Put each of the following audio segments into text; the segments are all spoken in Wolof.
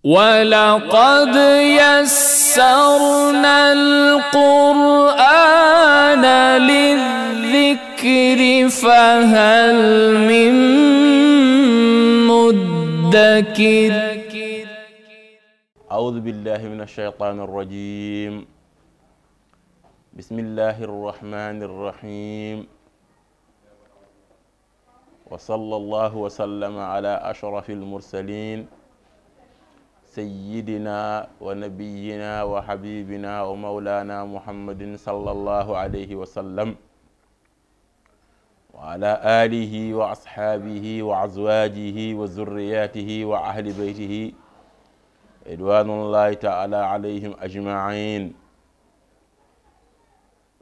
ولقد يسرنا القرآن للذكر فهل من مدكر أعوذ بالله من الشيطان الرجيم بسم الله الرحمن الرحيم وصلى الله وسلم على أشرف المرسلين سيدنا ونبينا وحبيبنا ومولانا محمد صلى الله عليه وسلم وعلى آله وأصحابه وأزواجه وزرياته وأهل بيته رضوان الله تعالى عليهم أجمعين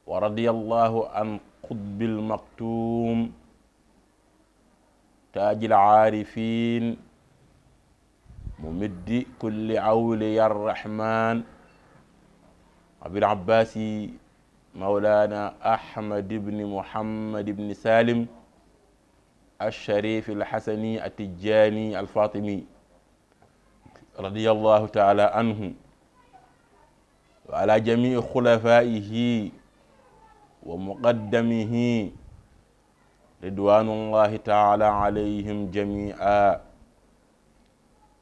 ورضي الله عن قطب المكتوم تاج العارفين ممد كل عول يا الرحمن أبي العباسي مولانا أحمد بن محمد بن سالم الشريف الحسني التجاني الفاطمي رضي الله تعالى عنه وعلى جميع خلفائه ومقدمه رضوان الله تعالى عليهم جميعا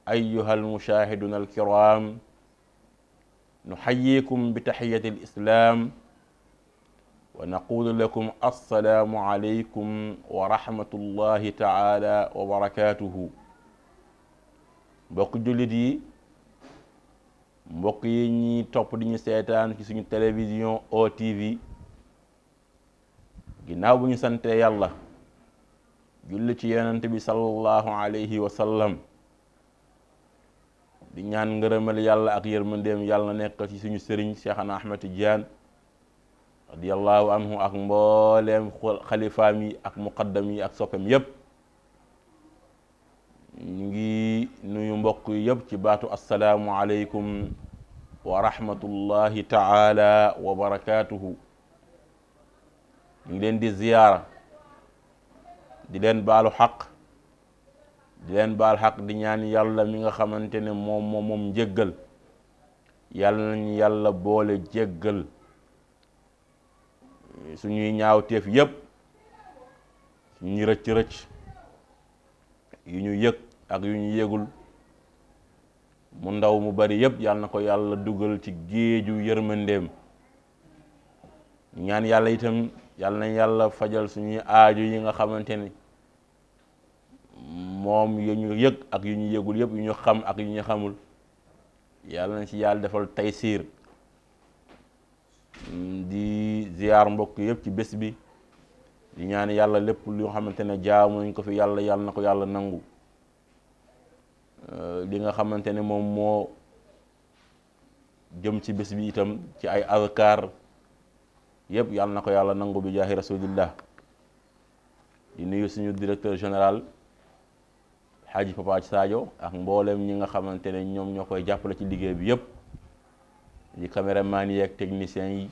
أيها المشاهدون الكرام نحييكم بتحية الإسلام ونقول لكم السلام عليكم ورحمة الله تعالى وبركاته بقجلدي بقي ني توب دي ني في سيني تلفزيون او تي في غيناو بني سانتي يالا جولتي صلى الله عليه وسلم di ñaan ngërëmal yàlla ak yërmandeem yàlla nekk ci suñu sëriñ Cheikhana Ahmed Tidiane radiyallahu anhu ak mbooleem xalifaam ak muqaddam ak soppem yépp ñu ngi nuyu mbokk yépp ci baatu assalaamu aleykum wa ta taala wa ngi leen di di len baalu xaq leen baal xaq di ñaan yàlla mi nga xamante ne moom moom moom njëggal yàlla nañu yàlla boole jéggal suñuy ñaawteef yépp suñuy rëcc-rëcc yu ñu yëg ak yu ñu yëgul mu ndaw mu bari yépp yàlla na ko yàlla dugal ci géeju yërmandeem ñaan yàlla itam yàlla nañ yàlla fajal suñuy aaju yi nga xamante ne moom yu ñu yëg ak yu ñu yëgul yëpp yu ñu xam ak yu ñu xamul yàlla nañ ci yàlla defal taysiir mm, di ziar mbokk yëpp ci bés bi di ñaan yàlla lépp lu xamante ne jaamu nañ ko fi yàlla yàlla na ko yàlla nangu euh, li nga xamante ne moom moo jëm ci bés bi itam ci ay azkar yëpp yàlla na ko yàlla nangu bi jaahi rasulillah di nuyu suñu directeur général xaaji Papa Sadio ak mboolem ñi nga xamante ne ñoom ñoo koy jàppale ci liggéey bi yëpp di caméraman yi ak techniciens yi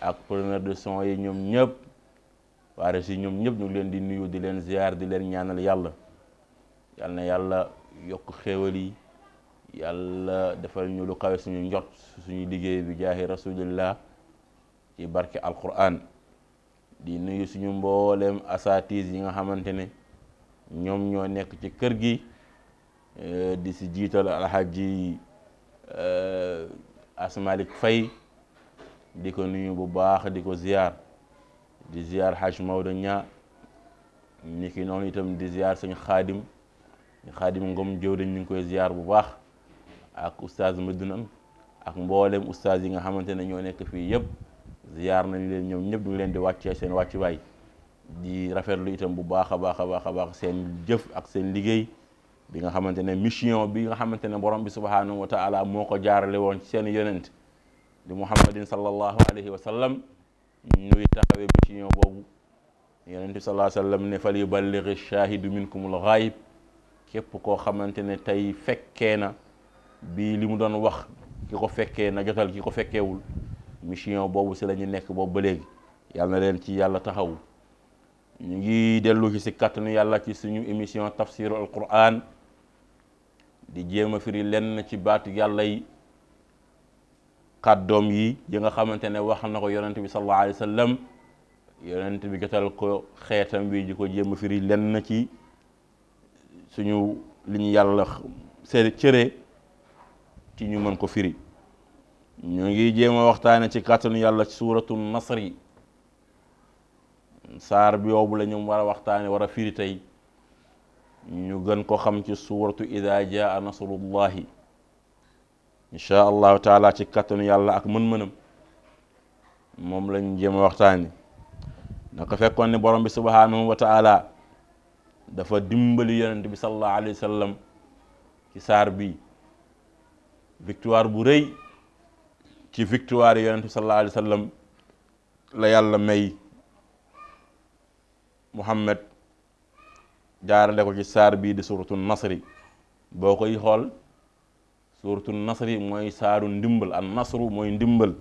ak preneur de son yi ñoom ñëpp waa si ñoom ñëpp ñu ngi leen di nuyu di leen ziar di leen ñaanal yàlla yal na yàlla yokk xéewal yi yàlla defal ñu lu kawe suñu njot suñu liggéey bi jaahi rasulillah ci barke alquran di nuyu suñu mboolem asatis yi nga xamante ne. ñoom ñoo nekk ci kër gi euh, di si jiital alxaaji euh, asmalik fay di ko nuyu bu baax di ko ziyaar di ziar xaaj Maodo ña ni ki noonu itam di ziar sañ xaadim xaadim ngom jëwriñ ñu ngi koy ziar bu baax ak oustaz Madunam ak mboolem oustaz yi nga xamante ne ñoo nekk fii yëpp ziar nañu leen ñoom ñëpp du ngi leen di wàccee seen wàccuwaay di rafetlu itam bu baakha baakha baakha baax a baax seen jëf ak seen liggéey bi nga xamantene mission bi nga xamantene borom bi subhanahu wa taala moko jaarale won ci seen yonent di muhammadin sallallahu alayhi wa sallam ñuy taxawé mission bobu yonent sallallahu alayhi wa sallam ne fal yuballighi shahidu al ghaib kep ko xamantene tay fekke na bi limu don wax kiko fekke na jotal kiko ko fekkeewul mission bobu ci lañu nek bobu boobu ba léegi yàlla na leen ci yàlla taxawu ñu ngi dellu ci si kàttanu yàlla ci suñu émission tafsiru alquran di jéem a firi lenn ci baatu yàlla yi kàddoom yi yi nga xamante ne wax na ko yonent bi sallallahu alayhi wa sallam yonent bi jotal ko xeetam bi di ko jéem a firi lenn ci suñu li ñu yàlla se cëre ci ñu mën ko firi ñu ngi jéem a waxtaane ci kàttanu yàlla ci suuratu nasri saar bi yoobu la ñu war a waxtaane war a firi tey ñu gën ko xam ci suuratu ida jaa nasrullahi inchaa allahu taala ci kattanu yàlla ak mën moom lañ jéem a waxtaane naka fekkoon ne borom bi subhaanahu wa taala dafa dimbali yonent bi sallallahu alayhi wa sallam ci saar bi victoire bu rëy ci victoire yonent bi sallallahu alayhi wa la yàlla may muhammad jaarale ko ci saar bii di suratul nasri boo koy xool suratul nasri mooy saaru ndimbal an nasru mooy ndimbal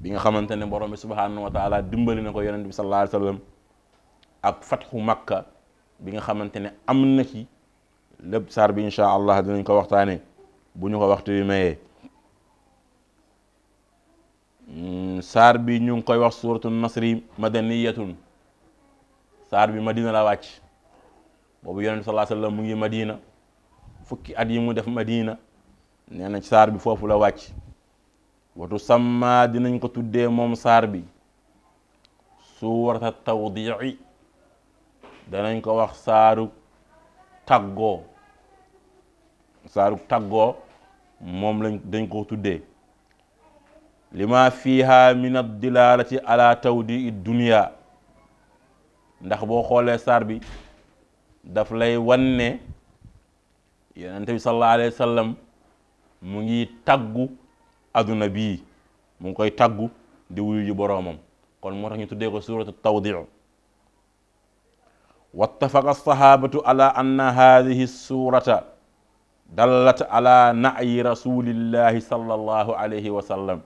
bi nga xamante ne borom bi subhanahu wa taala dimbali na ko yonent bi sallallahu alayhi wa sallam ak fatxu makka bi nga xamante ne am na ci lépp saar bi incha allah dinañ ko waxtaane bu ñu ko waxtu bi mayee saar bi ñu ngi koy wax suratul nasri madaniyatun saar bi madina la bobu yaron sallallahu alaihi wasallam mu ngi madina fukki at yi mu def madina neena ci saar bi fofu la wacc watu samma dinañ ko tuddé mom saar bi suurata tawdii danañ ko wax saaru taggo saaru taggo mom lañ dañ ko tuddé lima fiha min ad dilalati ala tawdi'id dunia ndax boo xoolee saar bi daf lay wan ne yonente bi sallallahu mu ngi taggu adduna bii mu ngi koy taggu di wuyu ji boroomam kon moo tax ñu tuddee ko suratu tawdiu wattafaqa alsahabatu ala anna hadihi surata dallat ala na'yi rasulillahi sallallahu alayhi wa sallam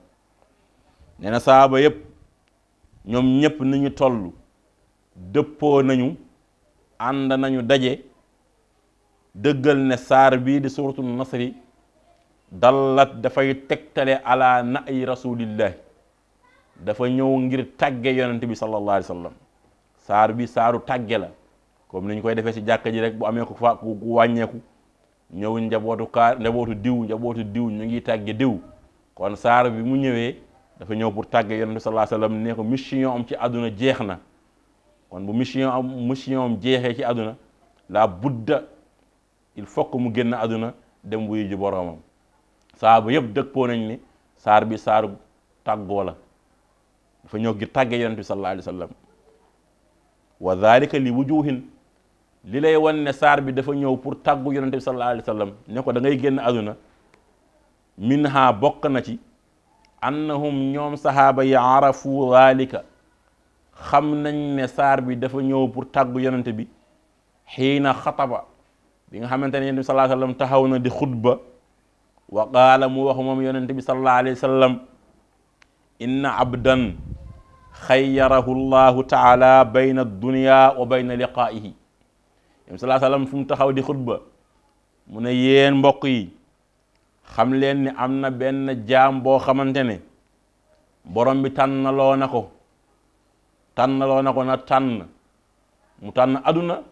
nee na sahaaba yëpp ñoom ñëpp ni ñu toll dëppoo nañu ànd nañu daje dëggal ne saar bii di suratul nasri dallat dafay tegtale ala na'i rasulillahi dafa ñëw ngir tàgge yonent bi sallallahu alayhi wa saar bi saaru tàgge la comme ni ñu koy defee ci jàkka ji rek bu amee ko fa ku wàññeeku ñëw njabootu kaar njabootu diw njabootu diw ñu ngi tàgge diw kon saar bi mu ñëwee dafa ñëw pour tàgge yonent bi sallallahu alayhi wa sallam ko mission ci àdduna jeex na kon bu mission am mission am jeexee ci àdduna la budda il faut que mu génn aduna dem wuyu ji boroomam saaba yëpp dëppoo nañ ni sar bi saar taggo la fa ñëw gi tagge yonent sallallahu alayhi wasallam wa dalika li wujuhin li lay won ne sar bi dafa ñëw pour tàggu yonent sallallahu alayhi wasallam ne ko da ngay génn aduna minha bokk na ci annahum ñom sahaba ya'rafu arafu xam nañ ne saar bi dafa ñëw pour tàggu yonente bi xiina xataba bi nga xamante ne yonente bi sallallahu alayhi wasallam taxaw na di xutba wa qaala mu wax moom yonente bi sallallahu alayhi wasallam inna abdan xayyarahu llahu taala bayna dunya wa bayna liqaa'ihi yonente bi sallallahu fu mu taxaw di xutba mu ne yéen mbokk yi xam leen ni am na benn jaam boo xamante ne borom bi tànnaloo na ko tànnaloo na ko na tànn mu tànn aduna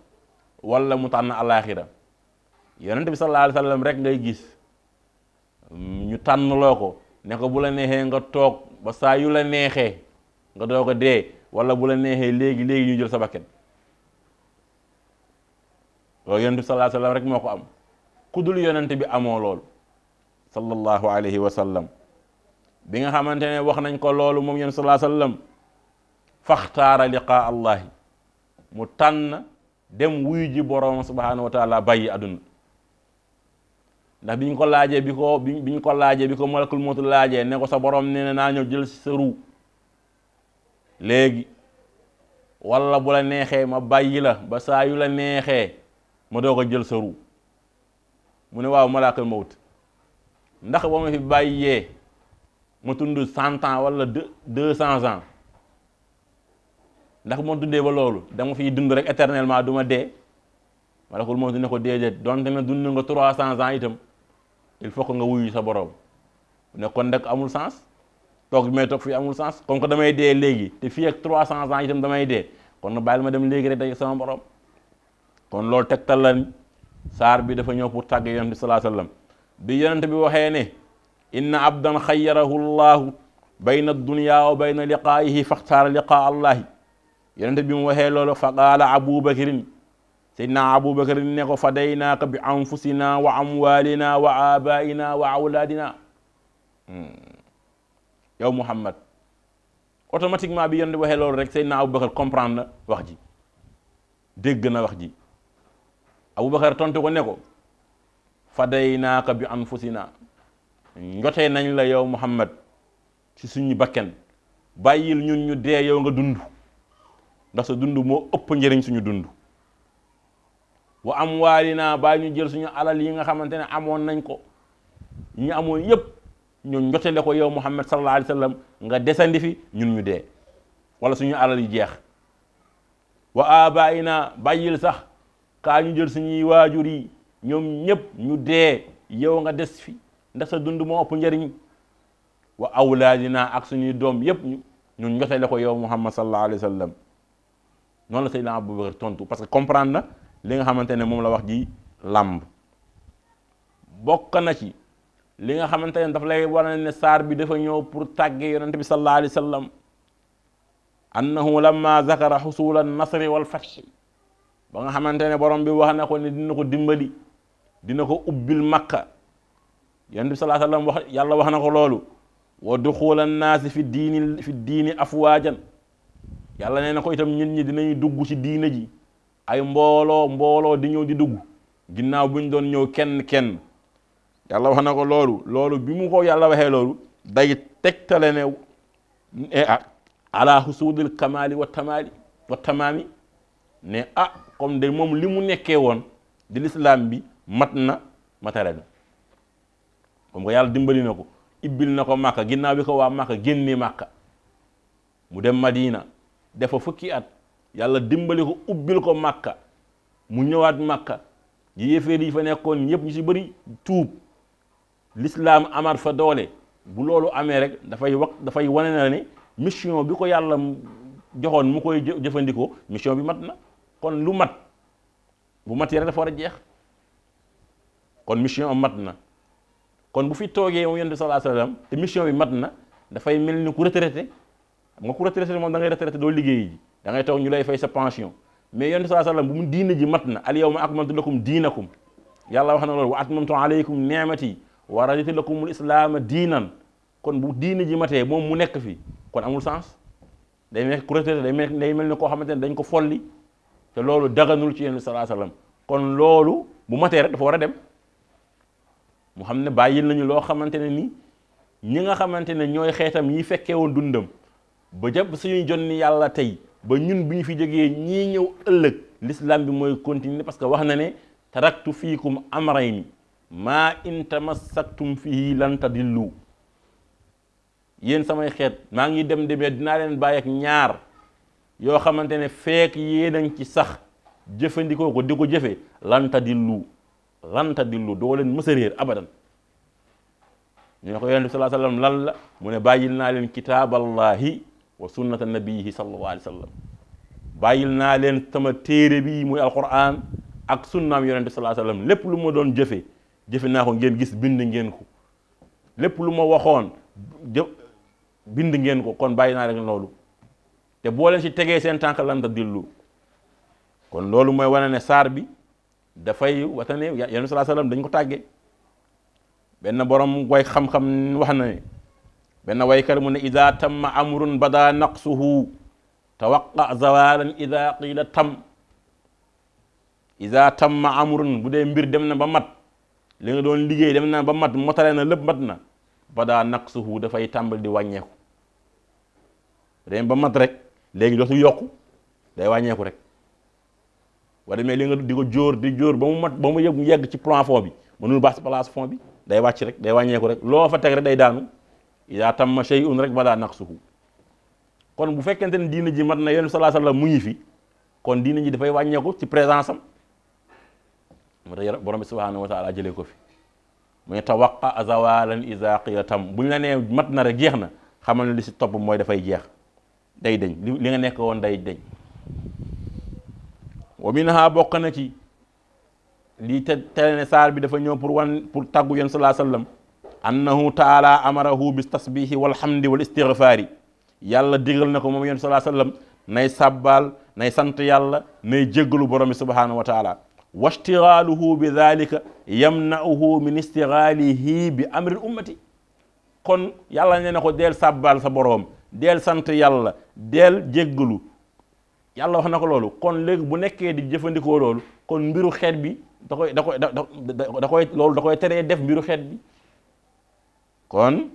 wala mu tànn alaaxira yonent bi sallallahu alayhi wa sallam rek ngay gis ñu tànnloo ko ne ko bu la neexee nga toog ba saa yu la neexee nga doog a dee wala bu la neexee léegi léegi ñu jël sa bakkan loolu yonent bi sallallahu wa sallam rek moo ko am ku dul yonent bi amoo loolu sallallahu alayhi wa sallam bi nga xamante wax nañ ko loolu moom yonent sallallahu wa sallam faxtaara liqaa allahi mu tànn dem wuyu ji boroom subhanahu wa bàyyi àdduna ndax bi ñu ko laajee bi ko bi ñu ko laajee bi ko malakul mootu laajee ne ko sa boroom nee na naa ñëw jël sa ruu léegi walla bu la neexee ma bàyyi la ba saa yu la neexee ma doo ko jël sa ruu mu ne waaw malakul mawt ndax ba ma fi bàyyee ma tund cent ans walla deux deux cents ans ndax mo dundé ba lolu dama fi dund rek éternellement duma dé wala ko mo dundé ko dédé donte na dund nga 300 ans itam il faut que nga wuyu sa borom ne kon nak amul sens tok bi may toog fii amul sens kon ko damay dé légui te fi ak 300 ans itam damay dé kon na bayil ma dem légui rek day sama borom kon lolu tegtal la sar bi dafa ñow pour tàgg yonent sallallahu alayhi wasallam bi yonent bi waxé ne inna abdan khayyarahu allah bayna dunya wa bayna liqaayihi faxtaara liqaa allahi yonente bi mu waxee loolu fa qaala abubakarin seydna abubakarin ne ko fadaynaaka bi anfusina wa amwalina wa abaina wa awlaadina yow muhammad automatiquement bi yonente bi waxee loolu rek seydna abubakar comprendre na wax ji dégg na wax ji abubakar tontu ko ne ko fadaynaaka bi anfusina njotee nañ la yow muhammad ci suñu bakken bàyyil ñun ñu dee yow nga dund ndax sa dund moo ëpp njëriñ suñu dund wa am waali naa baa ñu jël suñu alal yi nga xamante ne amoon nañ ko ñu amoon yëpp ñu njotale ko yow muhammad sallallahu alayhi wa nga desandi fi ñun ñu dee wala suñu alal yi jeex wa abaayi naa bàyyil sax kaa ñu jël suñuy waajur yi ñoom ñëpp ñu dee yow nga des fi ndax sa dund moo ëpp njëriñ wa naa ak suñuy doom yëpp ñu njotale ko yow muhammad sallallahu alayhi wa sallam non la abou Abubakar tontu parce que comprendre na li nga xamantene mom la wax ji làmb bokk na ci li nga xamantene daf lay wane ne sar bi dafa ñëw pour tagge yaronte bi sallallahu alayhi wasallam sallam annahu lamma zakara xusula nasri wal fathi ba nga xamante ne borom bi wax na ko ne dina ko dimbali dina ko ubbil makka yonente bi sallallahu alayhi wa sallam wax yàlla wax na ko loolu wa duxula annaasi fi diini fi diini yàlla nee na ko itam ñun ñi dinañu dugg si diina ji ay mbooloo mbooloo di ñëw di dugg ginnaaw bu ñu doon ñëw kenn kenn yàlla wax na ko loolu loolu bi mu ko yàlla waxee loolu day tegtale ne ah ala husuudil kamaali wa tamaali ne ah comme de moom li mu nekkee woon di lislaam bi mat na matare na comme que yàlla dimbali na ko ibbil na ko màkka ginnaaw bi ko waa màkka génne màkka mu dem madina dafa fukki at yàlla dimbali ko ubbil ko màkka mu ñëwaat màkka yi yéeféer yi fa nekkoon yëpp ñu ci bëri tuub lislaam amaat fa doole bu loolu amee rek dafay wax dafay wane na ni mission bi ko yàlla joxoon mu koy jëfandikoo mission bi mat na kon lu mat bu matee rek war a jeex kon mission mat na kon bu fi toogee moom yonent bi te mission bi mat na dafay mel ni ku retraité xam ko ku retraité moom da ngay retraité do liggéey ji da ngay taw ñu lay fay sa pension mais yonent saa sallam bu mu diina ji matna al yawma akmaltu lakum dinakum yàlla wax na loolu wa atmamtu alaykum ni'mati wa raditu lakum al islam dinan kon bu diine ji maté mom mu nekk fi kon amul sens day nekk ku retraité day mel day melni ko koo dañ ko folli te loolu daganul ci yonent saa sallam kon loolu bu maté rek dafa wara dem mu xamne bayil nañu lo xamante ni ñi nga xamante ñoy ñooy xeetam yi fekke won dundam ba jàpp suñuy jonni yàlla tey ba ñun bi ñu fi jegee ñii ñëw ëllëg l'islam bi mooy continuer parce que wax na ne taraktu fiikum amrayni maa ma tamassaktum fii lanta di lu yéen samay xeet maa ngi dem demee dinaa leen bàyyi ak ñaar yoo xamante ne feek yéen a ci sax jëfandikoo ko di ko di lu lanta lan tadillu doo leen mës réer abadan ñu ne ko yonent la mu ne bàyyil naa leen kitaaballahi وسنة النبي صلى الله عليه وسلم بايلنا لين تما تيري بي موي القران اك سنة يونس صلى الله عليه وسلم لب لو ما دون جيفي جيفي ناخو نين غيس بيند نين كو لب لو ما واخون بيند نين كون باينا لك لولو te bo len ci tege sen tank lan da dilu kon lolou moy wanane sar bi da fay watane yunus sallallahu alaihi wasallam dañ ko tagge ben borom way xam xam benn waykat mu ne ida tamma amrun bada naqsuhu tawaqa zawalan ida qila tam ida tamma amrun bu dee mbir dem na ba mat li nga doon liggéey dem na ba mat motale na lépp mat na bada naqsuhu dafay tàmbali di wàññeeku dem ba mat rek léegi dootul yokku day wàññeeku rek wala mais li nga di ko jóor di jóor ba mu mat ba mu yegg ci plan fond bi mënul baas place fond bi day wàcc rek day wàññeeku rek loo fa teg day daanu ida tamma shay'un rek bada naqsuhu kon bu fekkente ne diina ji mat na yonent sallallahu alayhi wa mu ngi fi kon diina ji dafay wàññeeku ci présence am moo tax borom bi subhanahu wa taala jëlee ko fi mu ne tawaqa zawalan iza qila tam buñ la ne mat na rek jeex na xamal ne li si topp mooy dafay jeex day deñ li nga nekk woon day deñ wa minha bokk na ci lii te tele ne saar bi dafa ñëw pour wan pour tàggu yonent sallallahu annahu taala amarahu bis tasbihi walhamdi wal istighfaari yàlla digal na ko moom yonent salaa sallam nay sàbbaal nay sant yàlla nay jéggalu borom bi subhaanahu wa taala washtigaaluhu bi dalika yamna'uhu min istigaalihi bi amril ummati kon yàlla nee na ko deel sàbbaal sa boroom deel sant yàlla deel jéggalu yàlla wax na ko loolu kon léegi bu nekkee di jëfandikoo loolu kon mbiru xeet bi da koy da koy da da koy loolu da koy teree def mbiru xeet bi kon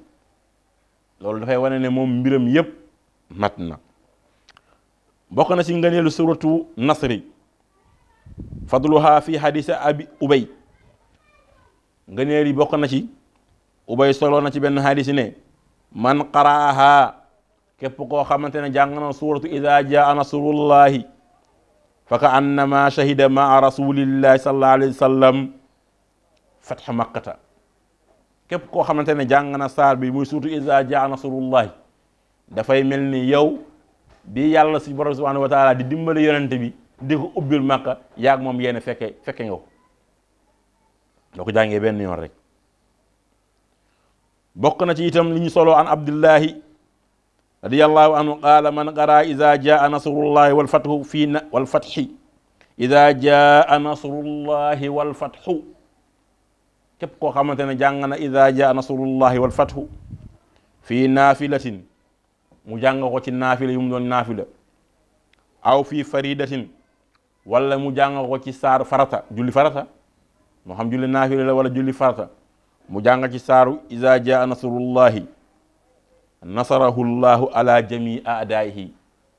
da fay wone ne yep, mbiram yépp matna bokk na ci suratu nasri fadluha fi hadith abi ubay ngëneel bokk na ci ubay solo na ci ben hadis ne man qaraaha kep ko xamantene ne na suratu idha jaa nasrullah fa ka annama shahida ma rasulillahi sallallahu alaihi wasallam. Fath képp koo xamante ne jàng na saar bi muy surtout iza jaa nasrullahi dafay mel ni yow bi yàlla si borom subhanahu wa di dimbali yonente bi di ko ubbil yak yaag moom yéen fekke fekke nga ko doo ko jàngee benn yoon rek bokk na ci itam li solo an abdillahi radiyallahu anhu qaala man qara iza jaa nasrullahi wal fathu fii na wal fathi iza jaa nasrullahi wal fathu képp koo xamante ne jàng na ida jaa nasrullahi wal fathu fii naafilatin mu jàng ko ci naafila yu mu doon naafila aw fii faridatin wala mu jàng ko ci saar farata julli farata moo xam julli la wala julli farata mu jàng ci saaru ida jaa nasrullahi nasarahu llahu ala jamii aadaayihi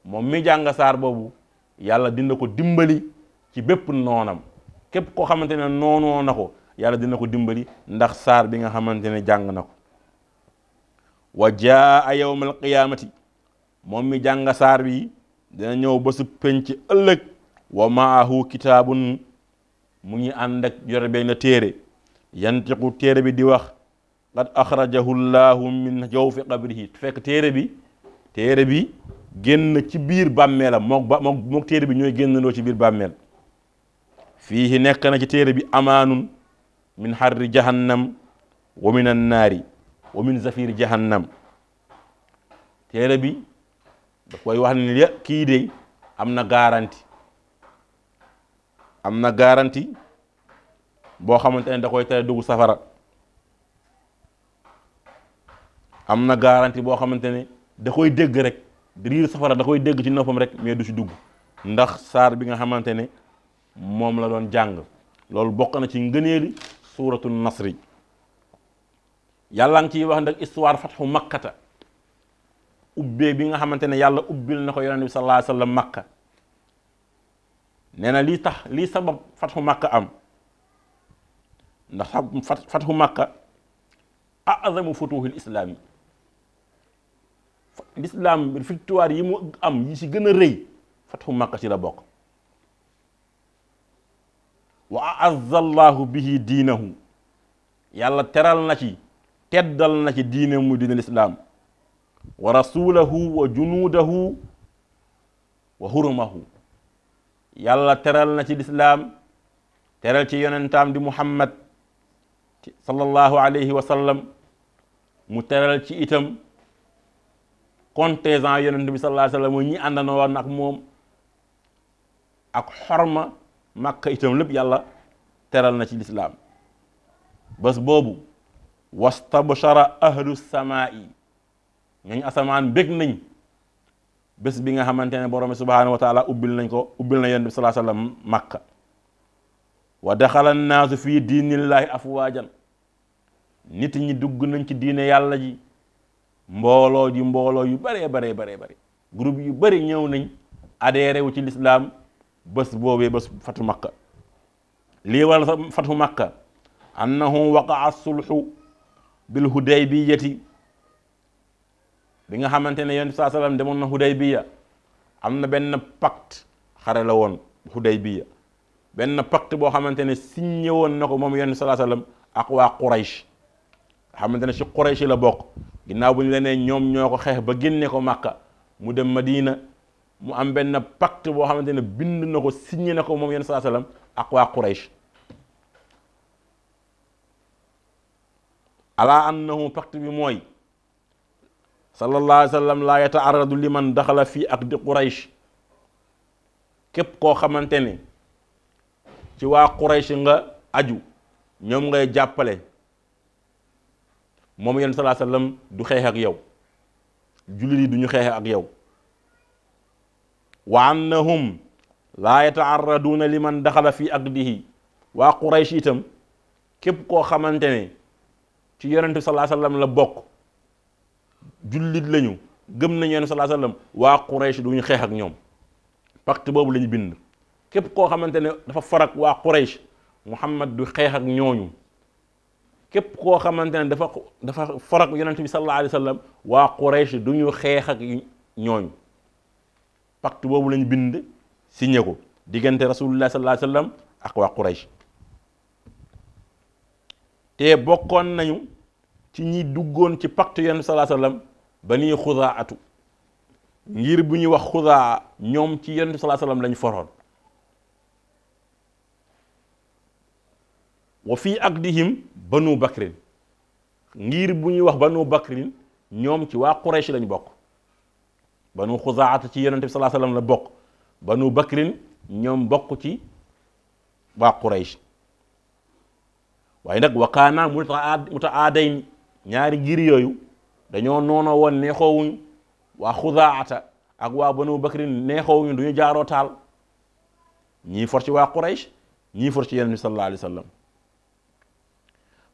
moom mi jàng saar boobu yàlla dina ko dimbali ci bépp noonam képp koo xamante ne noonoo ko yàlla dina ko dimbali ndax saar bi nga xamante ne jàng na ko wa jaa yawmal qiyaamati moom mi jàng saar bi dina ñëw ba su penc ëllëg wa maahu kitaabun mu ngi ànd ak yore benn téere yantiqu téere bi di wax qad axrajahu llahu min jawfi qabrihi fekk téere bi téere bi génn ci biir bàmmeelam mook ba bi ñooy génnandoo ci biir bàmmeel fii nekk na ci téere bi amaanun min harri jahannam wa min annaari wa min zafiri jahannam téere bi da koy wax ne kii de am na garanti am na garanti boo xamante ne da koy tere dugg safara am na garanti boo xamante ne da koy dégg rek riir safara da koy dégg ci noppam rek mais du ci dugg ndax saar bi nga xamante ne moom la doon jàng loolu bokk ci ngëneeli suuratu nasri yàlla ngi ciy wax nag histoire fatxu makkata ubbee bi nga xamante ne yàlla ubbil na ko yonent bi sallallahu alayhi wa sallam makka nee na lii tax lii sabab fatxu makka am ndax fatxu makka azamu futuhil islaam yi l'islam victoire yi mu am yi ci gën a rëy fatxu makka ci la bokk وأعز الله به دينه يالا ترال نشي تدال نشي دينه دين الإسلام ورسوله وجنوده وهرمه يالا ترال ناشي الإسلام ترال تي يونتام دي محمد صلى الله عليه وسلم مترال تي إتم كونتيزان يونتام صلى الله عليه وسلم ني أندنا ورنك موم أك حرمه màkka itam lépp yàlla teral na ci lislaam bés boobu wastabshara ahlu samaa'i ñooñu asamaan bég nañ bés bi nga xamante ne borom subhaanahu wa ubbil nañ ko ubbil na yonent bi salaa sallam màkka wa daxala annaasu fii diinillaahi afwaajan nit ñi dugg nañ ci diine yàlla ji mbooloo ji mbooloo yu bëree baree baree bëri groupe yu bëri ñëw nañ adhéré wu ci lislaam bés boobee bés fatu makka lii waral sax fatu makka annahu waqaa sulxu bil hudaybiyati bi nga xamante ne yonent bi saa sallam demoon na hudaybiya am na benn pacte xare la woon hudaybiya benn pacte boo xamante ne signé woon na ko moom yonent bi saa ak waa Quraysh xamante ne ci Quraysh la bokk ginnaaw bu ñu la nee ñoom ñoo ko xeex ba génne ko Makka mu dem diina mu am benn pacte boo xamante ne bind na ko signé na ko moom yenn saa salaam ak waa quraish ala annahu pacte bi mooy sallallahu alayhi wa sallam laa yataaradu liman daxala fii ak di Quraysh képp koo xamante ne ci waa quraish nga aju ñoom ngay jàppale moom yenn saa salaam du xeex ak yow jullit yi du ñu xeex ak yow. وأنهم لا يتعرضون لمن دخل في أقده وقريشيتم كيف كو خمانتني تي يرنتو صلى الله عليه وسلم لبوك جلد لنيو جم نيو صلى الله عليه وسلم وقريش دوني خيخ اك نيوم باكت بوب لنيو بند كيف كو خمانتني دفا فرق وقريش محمد دو خيخ اك نيوم كيف كو خمانتني دفا فرق يرنتو صلى الله عليه وسلم وقريش دوني خيخ اك نيوم pact bobu lañ bind signé ko digënté rasulullah sallallahu alayhi wasallam ak waa Quraysh te bokkon nañu ci ñi duggoon ci pact yonent sallallahu alayhi wasallam bani nii ngir bu ñuy wax xudaa ñom ci yonent sallallahu alayhi wasallam lañ foron wa fi aqdihim banu bakrin ngir bu ñuy wax banu bakrin ñom ci wa Quraysh lañ bokk banu xuzaata ci yonente bi salaa sallam la bokk banu bakrin ñoom bokk ci waa quraysh waaye nag wakaana muta aadayn ñaari ngir yooyu dañoo noono woon neexoowuñu waa xuzaata ak waa banu bakrin neexoowuñu du ñu jaaroo taal ñii for ci waa quraysh ñii for ci yonente bi sallallahu alayhi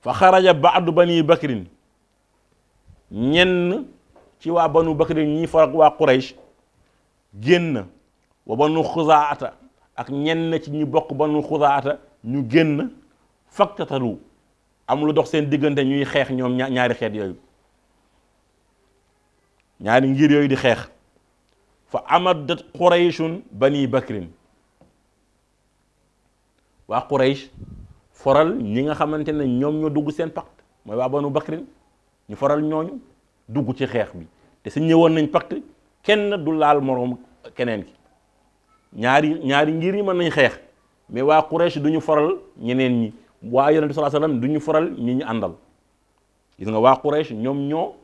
fa xaraja baadu bani bakrin ñenn ci waa banu bakrin ñi far ak waa quraish génn wa banu xuzaata ak ñenn ci ñi bokk banu xuzaata ñu génn faktatalu am lu dox seen diggante ñuy xeex ñoom ñaari xeet yooyu ñaari ngir yooyu di xeex fa amadat qurayshun bani bakrin waa quraish foral ñi nga xamante ne ñoom ñoo dugg seen pacte mooy waa banu bakrin ñu foral ñooñu dugg ci xeex bi te su ñëwoon nañ pacte kenn du laal moroom keneen ki ñaari ñaari ngir ñi mën nañ xeex mais waa Quraysh du faral ñeneen ñi waa yonent bi sallallahu alayhi faral ñi ñu àndal gis nga waa Quraysh ñoom ñoo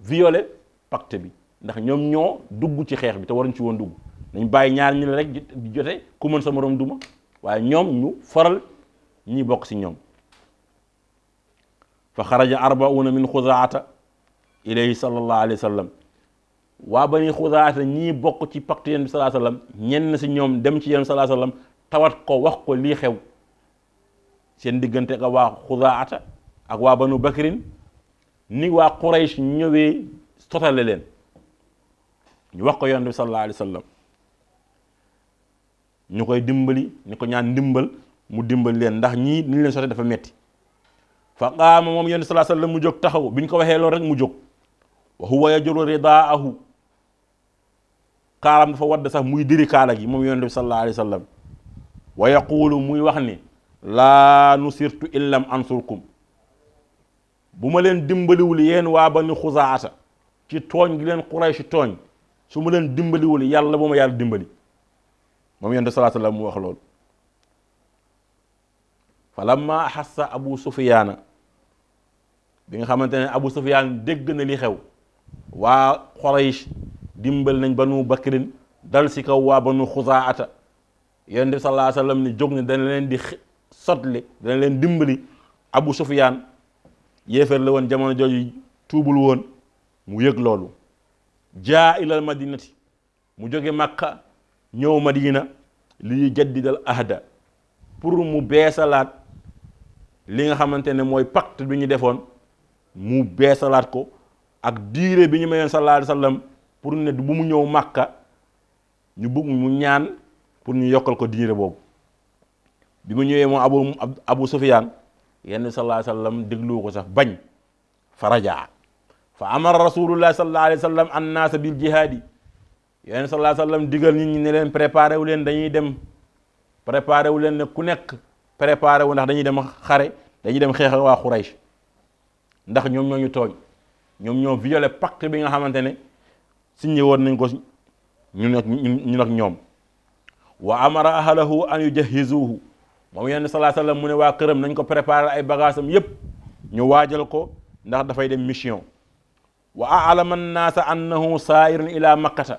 violé pacte bi ndax ñoom ñoo dugg ci xeex bi te waruñ ci woon dugg nañ bàyyi ñaar ñi rek di jote ku mën sa morom duma waaye ñoom ñu faral ñi bokk ci ñoom fa xaraja arbauna min xuzaata إليه صلى الله عليه وسلم وابني خذات ني بوك تي باكت صلى الله عليه وسلم نين سي نيوم ديم تي صلى الله عليه وسلم تاوات كو واخ كو لي خيو سين ديغنتي كا وا خذات اك وا بنو بكرين ني وا قريش نيوي توتال لين ني واخ كو يوند صلى الله عليه وسلم نيكوي ديمبلي نيكو نيان ديمبل مو ديمبل لين داخ ني نين لين سوتي دا فا متي فقام موم يوند صلى الله عليه وسلم مو جوك تاخو بين كو واخه لو رك مو جوك وهو يجر رضاءه قارم دفا ود صاح موي ديري كالاغي موم يوند صلى الله عليه وسلم ويقول موي وخني لا نصرت الا لم انصركم بوما لين ديمبالي وول يين وا بني خزاعه تي توغ لي لين قريش توغ سوما لين ديمبالي وول يالا بوما يالا ديمبالي موم يوند صلى الله عليه وسلم موي لول فلما احس ابو سفيان بيغا خامتاني ابو سفيان دغنا لي خيو waa Quraysh dimbal nañ ba banu bakrin dal si kaw waa banu xusaata yonent bi sallallahu alayhi wa sallam ni jóg ne dana leen di sotle dana leen dimbali Abu Sufyaan yéefar la woon jamono jooju tuubul woon mu yëg loolu jaa ilal madinati mu jóge Makka ñëw Madina li jaddidal ahda pour mu beesalaat li nga xamante ne mooy pacte bi ñu defoon mu beesalaat ko ak diire bi ñu mayeen sallallahu alayhi wa sallam pour ne bu mu ñëw màkka ñu bëgg mu ñaan pour ñu yokkal ko diire boobu bi mu ñëwee moom abu abu sufiyaan yenn bi sallallahu alayhi ko sax bañ faraja fa amara rasulullahi sallallahu alayhi wa sallam annaasa bil jihaadi yenn bi sallallahu alayhi wa sallam digal nit ñi ne leen préparé wu leen dañuy dem préparé wu leen ne ku nekk préparé wu ndax dañuy dem xare dañuy dem xeex ak waa Quraysh ndax ñoom ñoo ñu tooñ ñoom ñoo violé pacte bi nga xamante ne signé woon nañ ko ñun ak ñun ak ñoom wa amara ahlahu an yujahizuhu moom yenn salaa sallam mu ne waa këram nañ ko préparer ay bagages am yépp ñu waajal ko ndax dafay dem mission wa aalama annaasa annahu sairun ila makkata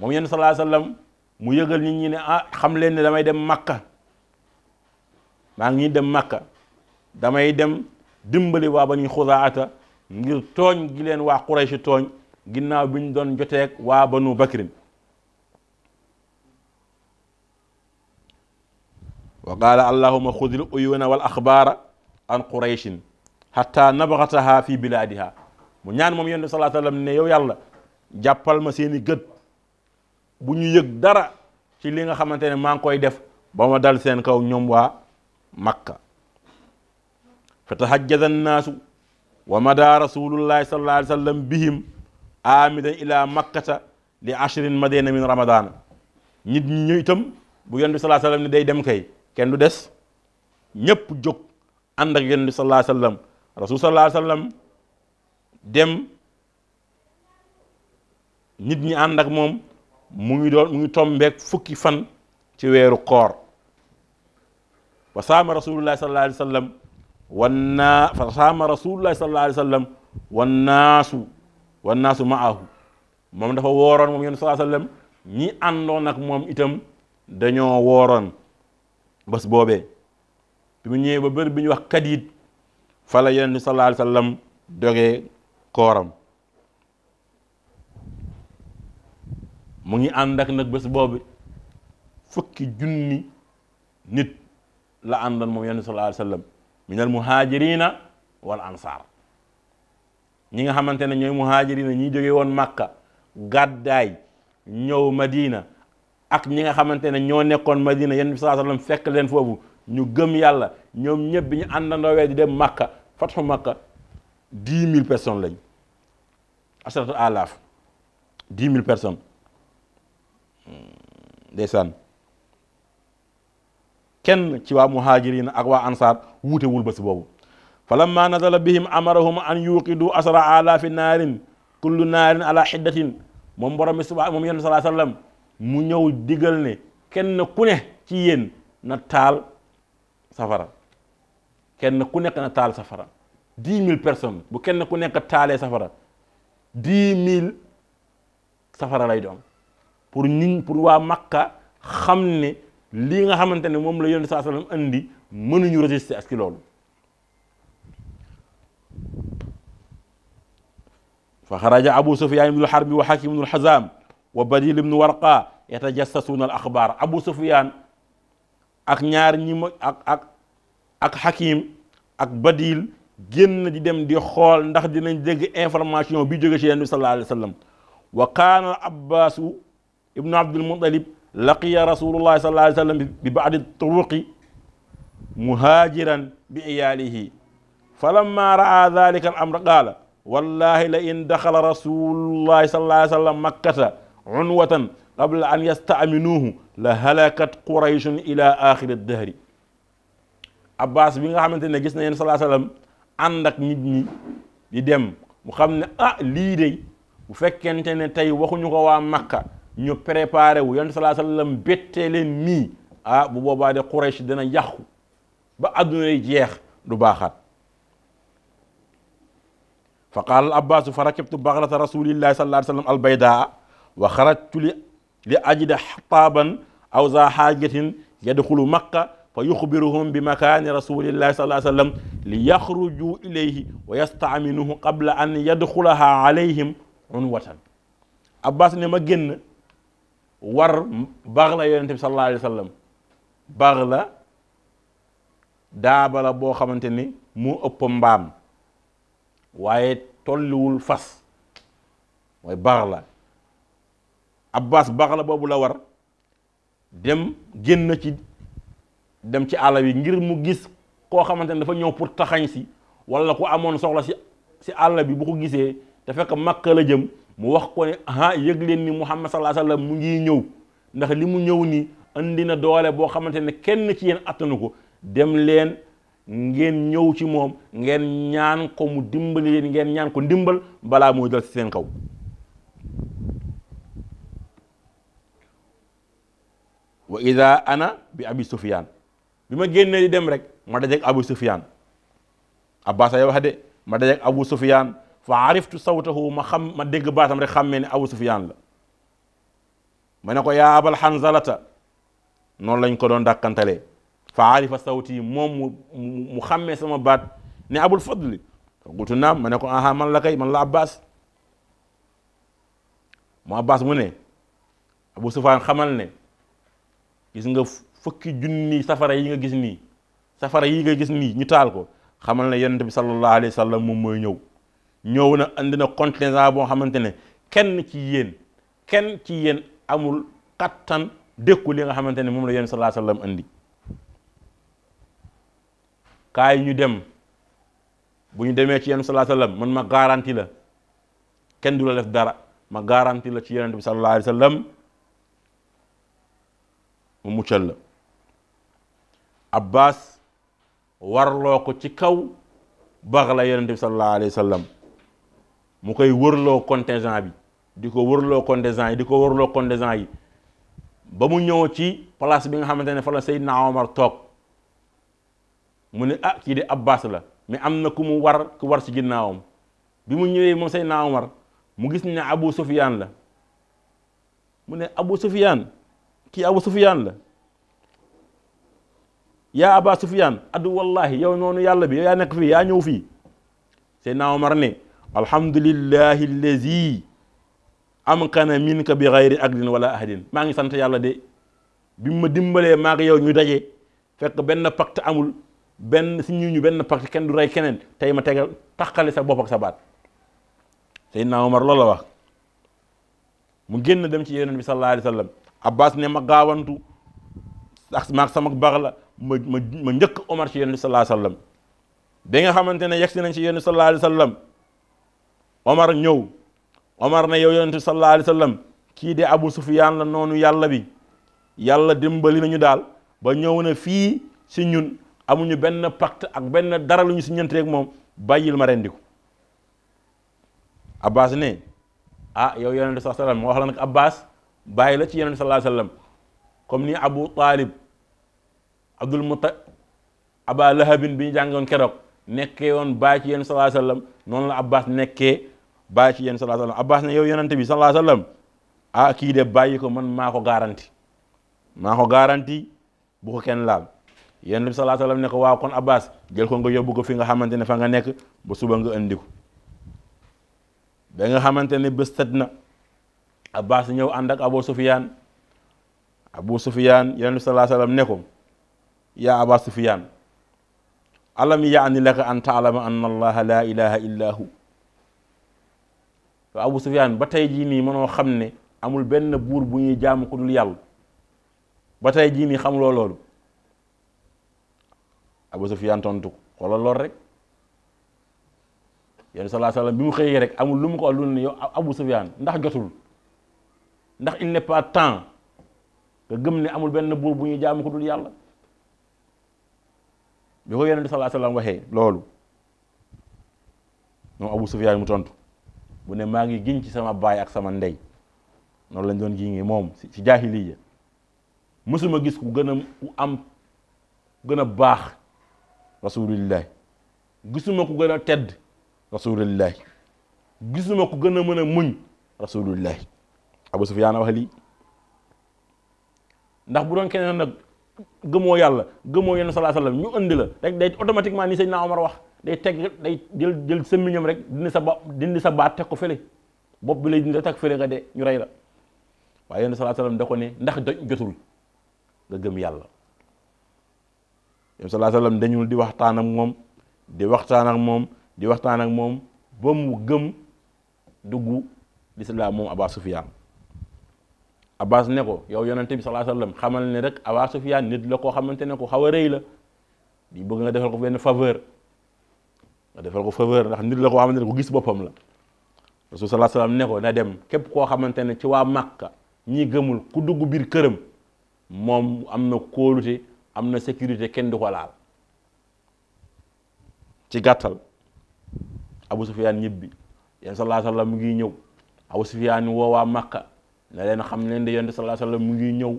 moom yenn salaa sallam mu yëgal nit ñi ne ah xam leen ne damay dem makka maa ngi dem makka damay dem dimbali waa ba ñuy xuzaata ngir tooñ gileen leen waa Quraysh tooñ ginnaaw bi ñu doon joteeg waa banu bakrin wa qaala allahuma xudil uyuuna wal axbaara an qurayshin xatta nabxataha fi bilaadiha mu ñaan moom yonent bi salaa sallam ne yow yàlla jàppal ma seeni gët bu ñu yëg dara ci li nga xamante ne maa ngi koy def ba ma dal seen kaw ñoom waa makka fa tahajjaza ومدى رسول الله صلى الله عليه وسلم بهم آمدا إلى مكة لعشر مدينة من رمضان نيت ني تام بو يوند صلى الله عليه وسلم داي ديم كاي كين دو ديس نيب جوك اندك يوند صلى الله عليه وسلم رسول صلى الله عليه وسلم ديم نيت ني اندك موم موغي دون موغي تومبيك فوكي فان تي ويرو كور وصام رسول الله صلى الله عليه وسلم والنا فصام رسول الله صلى الله عليه وسلم والناس والناس معه مام دا فا وورون مام يونس صلى الله عليه وسلم ني اندون اك مام ايتام دانيو وورون بس بوبي بيم نيي با بير بيني واخ كديد فلا يونس صلى الله عليه وسلم دوغي كورم مونغي اندك نك بس بوبي فكي جوني نيت لا اندون مام يونس صلى الله عليه وسلم min al muhajirina wal ansar ñi nga xamante ne ñooy muhajirina ñi jóge woon Makka gàddaay ñëw Madina ak ñi nga xamante ne ñoo nekkoon Madina yéen bi sallallahu alayhi wasallam fekk leen foofu ñu gëm yàlla ñoom ñëpp bi ñu àndandoowee di dem Makka fatxu Makka dix mille personnes lañ asratu alaaf dix mille personnes hmm, ndeysaan kenn ci waa muhaajiriin ak waa ansaar wuutewul ba si boobu fa lamma nazala bihim amarahum an yuqidu asra alaafi naarin kullu naarin ala xiddatin moom borom bi subaa moom yonent salaa mu ñëw digal ne kenn ku ne ci yéen na taal safara kenn ku nekk na taal safara dix mille bu kenn ku nekk taalee safara dix safara lay doon pour ñiñ pour waa Makka xam ne lii nga xamante ne moom la yonent saa sallam indi mënuñu résister ak ci loolu fa abu sufyaan ibnu lxarbi wa xakim ibnu abu sufyaan ak ñaar ñi ma ak ak ak xakim ak badil génn di dem di xool ndax dinañ dégg information bi jóge ci yonent bi sallallahu wa kaana al abbaasu ibnu abdul mutalib لقي رسول الله صلى الله عليه وسلم ببعض الطرق مهاجرا بعياله فلما رأى ذلك الأمر قال والله لئن دخل رسول الله صلى الله عليه وسلم مكة عنوة قبل أن يستأمنوه لهلكت قريش إلى آخر الدهر عباس بن nga xamante صلى الله عليه وسلم salaa salaam ànd ak nit ñi di dem mu xam ne ah, ñu préparé wu yonent salaa sallam bettee leen nii ah bu de Quraysh dina ba adduna jeex du baaxaat fa qaala al abbaasu sallallahu alayhi wa sallam al baydaa wa xarajtu li li ajida xataaban aw za xaajatin yadxulu maqa fa yuxbiruhum bi makaani rasulillahi sallallahu alayhi wa sallam li yaxruju ilayhi wa yastaaminuhu qabla an abbas war baax la yonente bi sallallahu alayhi wa sallam baax la daaba boo xamante ni mu ëpp mbaam waaye tolliwul fas mooy baax la abbas baax la boobu la war dem génn ci dem ci àll bi ngir mu gis koo xamante ni dafa ñëw pour taxañ si wala ku amoon soxla si si àll bi bu ko gisee te fekk Makka la jëm mu wax ko ne ah yëg leen ni Muhammad sallallahu alayhi wa mu ngi ñëw ndax li mu ñëw nii andi na doole boo xamante ne kenn ci yéen attanu ko dem leen ngeen ñëw ci moom ngeen ñaan ko mu dimbali leen ngeen ñaan ko ndimbal balaa muy dal ci seen kaw wa ida ana bi abi sufyaan bi ma génnee di dem rek ma dajeek abu sufyaan abbas ay wax de ma dajeek abu sufyaan فعرفت صوته ما خم ما دغ باتام رك خامن ابو سفيان لا منكو يا ابو الحنزله نون لنج كو دون داكانتالي فعرف صوتي موم مخمي سما بات ني ابو الفضل قلت نعم منكو اها من لاكاي من لا عباس عباس مو ابو سفيان خمال ني غيس nga سفر ييغا غيس سفر ييغا غيس ني ني تال صلى الله عليه وسلم موم موي ñëw na andi na contingent boo xamante ne kenn ci yéen kenn ci yéen amul kattan dékku li nga xamante ne moom la yéen sallallahu alayhi wasallam andi kaay ñu dem bu ñu demee ci yéen sallallahu alayhi wasallam man ma garanti la kenn du la def dara ma garanti la ci yonent bi sallallahu alayhi wasallam mu muccal la Abbas warloo ko ci kaw bax la yonent bi sallallahu alayhi wasallam mu koy wërloo contingent bi di ko wërloo contingent yi di ko wërloo contingent yi ba mu ñëw ci place bi nga xamante ne fa la Seydina Omar toog mu ne ah kii di Abbas la mais am na ku mu war ku war ci ginnaawam bi mu ñëwee moom say Omar mu gis ne Abu Sufyaan la mu ne Abu Sufyaan kii Abu Sufyaan la yaa Aba Sufyaan addu wallahi yow noonu yàlla bi yow yaa nekk fii yaa ñëw fii Seydina Omar ne الحمد لله الذي amkana minka bi xayri aklin wala ahadin maa ngi sant yàlla de bi ma dimbalee maa ngi yow ñu daje fekk benn pacte amul benn si ñu ñu benn pacte kenn du rey keneen tey ma tegal taxale sa bopp ak sa baat Seydina Omar loolu la wax mu génn dem ci yonent bi sallallahu alayhi wa sallam Abbas ne ma gaawantu ak maag sama baax la ma ma ma njëkk Omar ci yonent bi sallallahu alayhi wa sallam bi nga xamante ne yegsi nañ ci yonent bi sallallahu alayhi wa sallam omar ñëw omar ne yow yonent bi sallallahu alayhi kii de abu sufyaan la noonu yàlla bi yàlla dimbali nañu daal ba ñëw na fii si ñun amuñu benn pacte ak benn dara lu ñu si ñanteeg moom bàyyil ma rendi ko ne ah yow yonent bi sallallahu alayhi wa sallam moo wax la la ci yonent bi sallallahu ni abu taalib abdul muta aba lahabin bi ñu jàngoon keroog nekkee woon bàyyi ci yonent bi sallallahu alayhi wa sallam la abbas nekkee bàyyi ci yéen sallallahu alayhi wasallam abbas ne yow yonante bi sallallahu alayhi wasallam ah kii de bàyyi ko man maa ko garanti maa ko garanti bu ko kenn laal yonente bi sallallahu alayhi wasallam ne ko waaw kon abbas jël ko nga yóbbu ko fi nga xamante ne fa nga nekk ba suba nga andi ko ba nga xamante ne bés tët na abbas ñëw ànd ak abu sufiyaan abu sufiyaan yonente bi sallallahu alayhi wasallam ne ko yaa aba sufiyaan alam yaani laka an taalama anna allaha la ilaha illa hu te Abu Sufyaan ba tey jii nii mënoo xam ne amul benn buur bu ñuy jaamu ku dul yàlla ba tey jii nii xamuloo loolu Abu Sufyaan tontu ko xoolal lool rek yenn salaa salaam bi mu xëyee rek amul lu mu ko lu ne yow Abu Sufyaan ndax jotul ndax il n'est pas temps nga gëm ne amul benn buur bu ñuy jaamu ku dul yàlla bi ko yonent salaa salaam loolu moom Abu mu tontu. bu ne maa ngi giñ ci sama baay ak sama ndey noonu lañ doon ngi moom ci jaahiliya mësuma gis ku gën a ku am ku gën a baax rasulillah gisuma ku gën a tedd rasulillah gisuma ku gën a mën a muñ rasulillah Abu Sufyaan wax lii ndax bu doon keneen nag gëmoo yàlla gëmoo yenn salaa sallam ñu andi la rek day automatiquement ni Seydina Omar wax day teg day jël jël sëmmiñam rek dindi sa bopp dindi sa baat teg ko fële bopp bi lay dindi teg fële nga de ñu rey la waaye yéen salaa salaam da ne ndax doj jotul nga gëm yàlla yéen salaa salaam dañul di waxtaan ak moom di waxtaan ak moom di waxtaan ak moom ba mu gëm dugg lislaam moom Abaa Sufyaan Abbas ne ko yow yonente bi salaa sallam xamal ne rek Abaa Sufyaan nit la koo xamante ne ko xaw a rëy la di bëgg nga defal ko benn faveur nga defal ko faveur ndax nit la koo xamante ne ku gis boppam la rasul sallallahu alayhi wasallam ne ko na dem képp koo xamante ne ci waa Makka ñi gëmul ku dugg biir këram moom am na kóolute am na sécurité kenn du ko laal ci gàttal Abu Sufyaan ñibbi yéen sallallahu alayhi mu ngi ñëw Abu Sufyaan woo waa Makka ne xam leen di yenn sallallahu alayhi wasallam mu ngi ñëw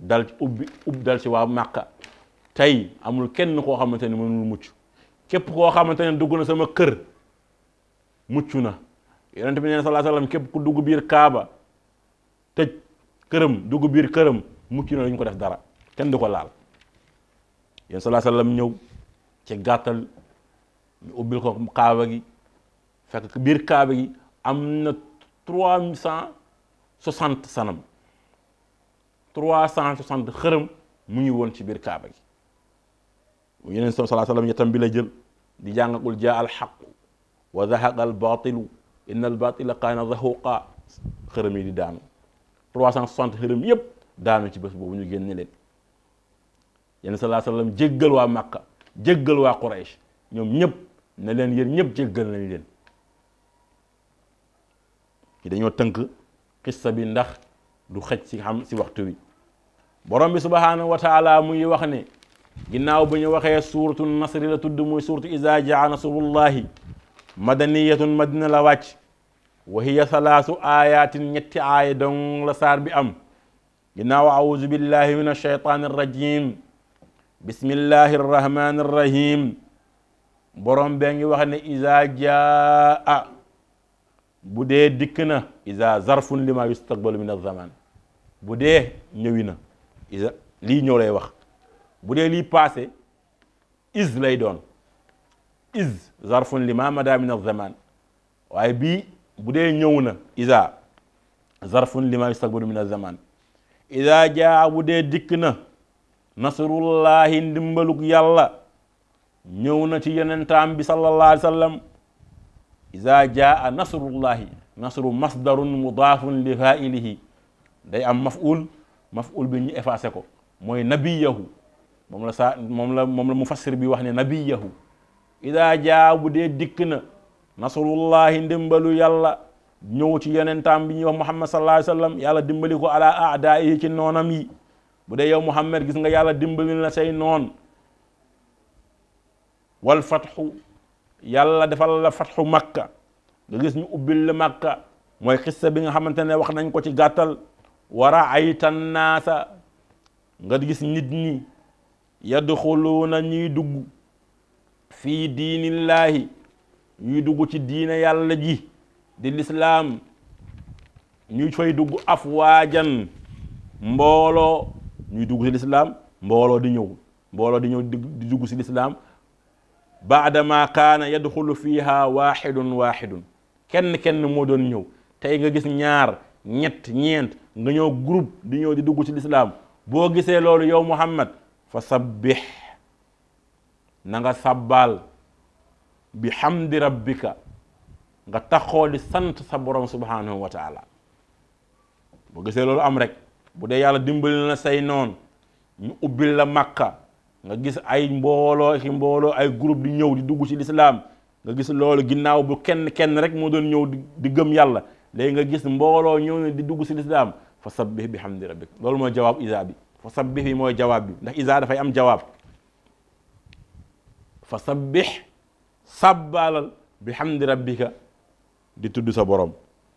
dal ubbi ubbi dal ci waa Makka tey amul kenn koo xamante ne mënul mucc képp koo xamante ne dugg na sama kër mucc na yonent bi neen sallallahu alayhi wasallam képp ku dugg biir kaaba tëj këram dugg biir këram mucc na duñ ko def dara kenn du ko laal yéen sallallahu alayhi wasallam ñëw ci gàttal ñu ubbil ko kaaba gi fekk biir kaaba gi am na trois cent soixante sanam trois cent soixante xërëm mu ngi woon ci biir kaaba gi yeneen sallallahu alayhi wasallam ñettam bi la jël di jàng qul jaa al xaqu wa zahaqa al batilu inna al batila kaana zahuqa xërëm yi di daanu 360 xërëm yëpp daanu ci bés boobu ñu génne leen yenn salaa sallam jéggal waa Makka jéggal waa Quraysh ñoom ñëpp ne leen yéen ñëpp jéggal nañ leen ci dañoo tënk xissa bi ndax du xëj si xam si waxtu wi borom bi muy wax ginnaaw bu ñu waxee suuratu nasri la tudd muy suuratu izaa jaa nasrullahi madaniyatun madina la wàcc wa hiya salaasu aayaatin ñetti aaya dong la saar bi am ginnaaw auzu billahi min ashaytaani arrajim bismillahi arrahmani arrahim borom bee ngi wax ne izaa jaa bu dee dikk na izaa zarfun lima yustaqbalu min azzamaan bu dee ñëwi na izaa lii ñëw lay wax bu dee lii passé is lay doon is zarfun mada min az-zaman waaye bi bu dee ñëw na isa zarfun li ma yustaqbalu min az-zaman isa jaa bu dee dikk na nasrullahi ndimbalug yàlla ñëw na ci yonentaam bi sallallahu alayhi wa sallam isa jaa nasrullahi nasru masdarun mudaafun li faa'ilihi day am maf'ul maf'ul bi ñu effacé ko mooy nabiyahu moom la saa moom la moom la mufassir bi wax ne nabiyahu idaa jaa bu dee dikk na nasrullahi ndimbalu yàlla ñëw ci yonentaam bi ñuy wax muhammad sallallahu alayhi wa yàlla dimbali ko ala aada ci noonam yi bu dee yow muhammad gis nga yàlla dimbali na say noon wal fatxu yàlla defal la fatxu makka nga gis ñu ubbil la makka mooy xissa bi nga xamante ne wax nañ ko ci gàttal wara ayta naasa nga gis nit ñi yadxuluuna ñuy dugg fii diinillaahi ñuy dugg ci diina yàlla ji di lislaam ñuy fay dugg afwaajan mbooloo ñuy dugg ci lislaam mbooloo di ñëw mbooloo di ñëw di dugg ci lislaam baadama kaana yadxulu fiiha waaxidun waaxidun kenn kenn moo doon ñëw tey nga gis ñaar ñett ñeent nga ñëw groupe di ñëw di dugg ci lislaam boo gisee loolu yow muhammad فسبح نغا سبال بحمد ربك bi hamdi rabbika nga taxoo di sant sa borom subhanahu wa taala boo gisee loolu am rek bu dee yàlla dimbali na say noon ñu ubbil la màkka nga gis ay mbooloo ci mbooloo ay groupe di ñëw di dugg ci lislaam nga gis loolu ginnaaw bu kenn kenn rek moo doon ñëw di gëm yàlla léegi nga gis mbooloo ñëw di dugg ci lislaam fa sabbih bi hamdi rabbika loolu mooy jawaab isa bi فصبح موي جواب ده إذا دا فاي أم جواب فصبح صبال بحمد ربك دي تدو سبورم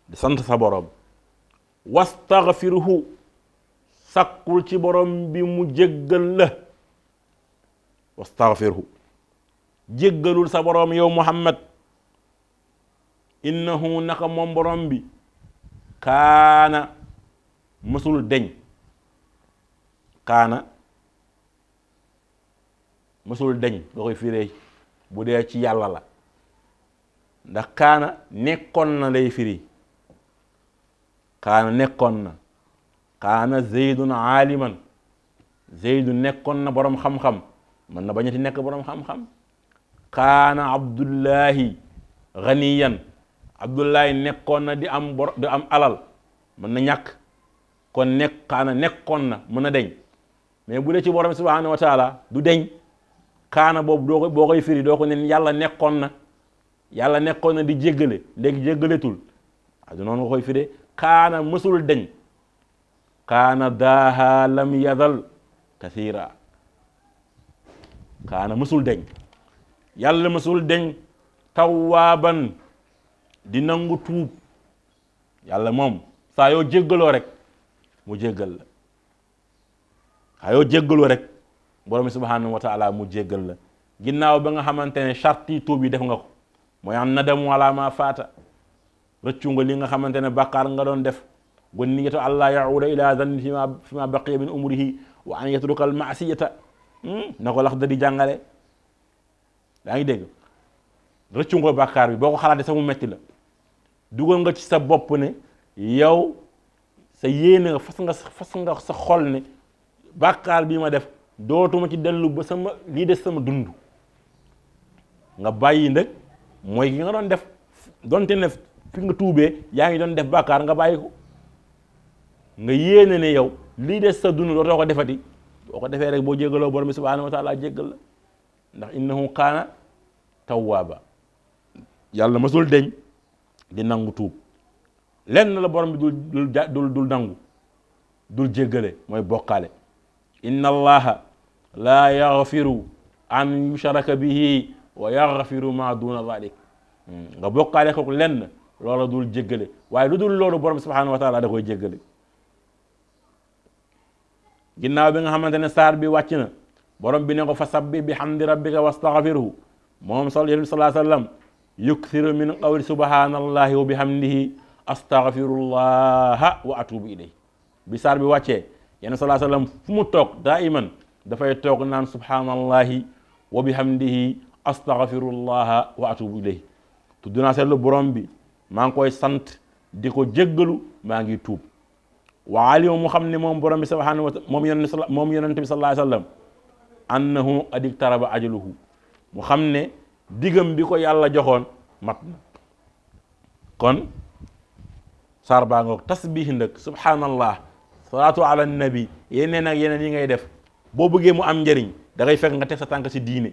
دي سنت سبورم واستغفره سكول تي بروم بي مو جيغل له واستغفره جيغلول سبورم يا محمد انه نقم بروم بي كان مسول دين kaana mësul dañ nga koy firee bu dee ci yàlla la ndax kaana nekkoon na lay firi kaana nekkoon na kaana zeydun aaliman zeydu nekkoon na boroom xam-xam mën na bañati nekk boroom xam-xam kaana abdullahi ganiyan abdullahi nekkoon na di am am alal mën na ñàkk kon nekk kaana nekkoon na mën a deñ mais bu dee ci borom subhanahu wa taala du deñ kaana boobu doo ko boo koy firi doo ko nen yàlla nekkoon na yàlla nekkoon na di jéggale léegi jéggaletul ah, du noonu nga firi kaana mësul deñ kaana daaha lam yazal kathira kaana mësul deñ yàlla mësul deñ tawaaban di nangu tuub yàlla moom saa yoo jéggaloo rek mu jéggal ayoo ah, jéggalu rek borom subhanahu wa taala mu jéggal la ginnaaw ba nga xamante ne charte yi tuub def nga ko mooy an nadamu ala ma faata rëccu nga li nga xamante ne bàkkaar nga doon def gon niyatu allah yauda ila zanni fi ma fi ma baqiya min umrihi wa an yatruka al maasiyata hmm? na ko lax da di jàngale yaa ngi dégg rëccu nga bàkkaar bi boo ko xalaatee sax mu metti la dugal nga ci sa bopp ne yow sa yéene nga fas nga fas nga sa xol ne bàkkaar bii ma def dootuma ci dellu ba sama lii des sama dund nga bàyyi nag mooy ki nga doon def donte ne fi nga tuubee yaa ngi doon def bàkkaar nga bàyyi ko nga yéene ne yow lii des sa dund dootoo ko defati boo ko defee rek boo jéggaloo borom bi subhanahu wa taala jéggal la ndax innahu kaana tawwaaba yàlla mësul deñ di nangu tuub lenn la borom bi dul dul dul nangu dul jéggale mooy bokkaale إن الله لا يغفر أن يشرك به ويغفر ما دون ذلك nga bokkaale ko lenn loola dul jéggale waaye lu dul loolu borom subhanahu wa taala da koy jéggale ginnaaw bi nga xamante ne saar bi wàcc na borom bi ne ko fa sabbi bi hamdi rabbika wastaghfirhu moom sol yonent bi salaa sallam yukthiru min qawli subhanallahi wa bihamdihi astaghfirullaha wa atubu ilayh bi saar bi wàccee yenn salaa sallam fu mu toog daa iman dafay toog naan subhaanallahi wa bihamdihi astaghfirullaha wa atubu ilayhi tudd naa seetlu borom bi maa ngi koy sant di ko jéggalu maa ngi tuub wa alima mu xam ne moom borom bi subhaanahu wa moom yonent moom yonent bi sallallahu alayhi wa sallam annahu qad iqtaraba ajaluhu mu xam ne digam bi ko yàlla joxoon mat na kon saar baa ngoog tasbihi ndëkk subhaanallah salatu ala nabi yeneen ak yeneen yi ngay def bo bëggee mu am njariñ da ngay fekk nga teg sa tànk si diine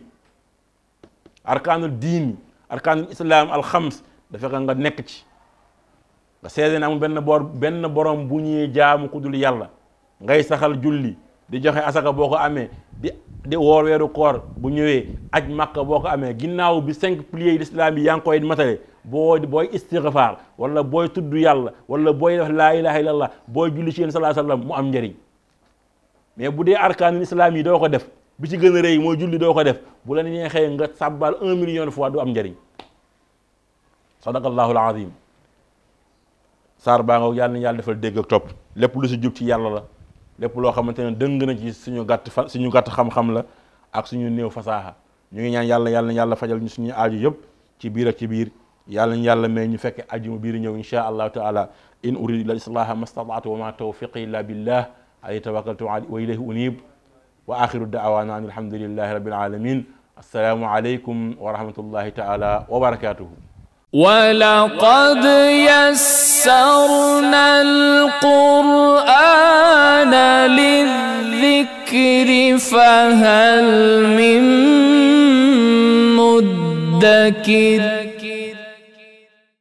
diin arkanul islam al alxams da fekk nga nekk ci nga seede na amul benn bor benn borom bu ñuy jaamu ku dul yàlla ngay saxal julli di joxe asaka boo ko amee di di woor weeru koor bu ñëwee aj màkka boo ko amee ginnaaw bi cinq pliers yi lislaam yi yaa ngi koy matale boo booy istigfaar wala booy tudd yàlla wala booy def laa ilaha illallah booy julli ci yéen salaa sallam mu am njëriñ mais bu dee arkaanul islaam yi doo ko def bi ci gën a rëy mooy julli doo ko def bu la neexee nga sàbbaal un fois du am njëriñ sadaqallaahu alazim saar baa nga yàlla na yàlla defal dégg ak topp lépp lu si jub ci yàlla la lépp loo xamante ne dëng na ci suñu gàtt fa suñu gàtt xam-xam la ak suñu néew fasaaxa ñu ngi ñaan yàlla yàlla na yàlla fajal ñu suñu aaju yëpp ci biir ak ci biir يالن يالن ما ينفك أجمع بيرن إن شاء الله تعالى إن أريد الإصلاح ما استطعت وما توفيقي إلا بالله عليه توكلت وإليه أنيب وآخر الدعوانا أن الحمد لله رب العالمين السلام عليكم ورحمة الله تعالى وبركاته ولقد يسرنا القرآن للذكر فهل من مدكر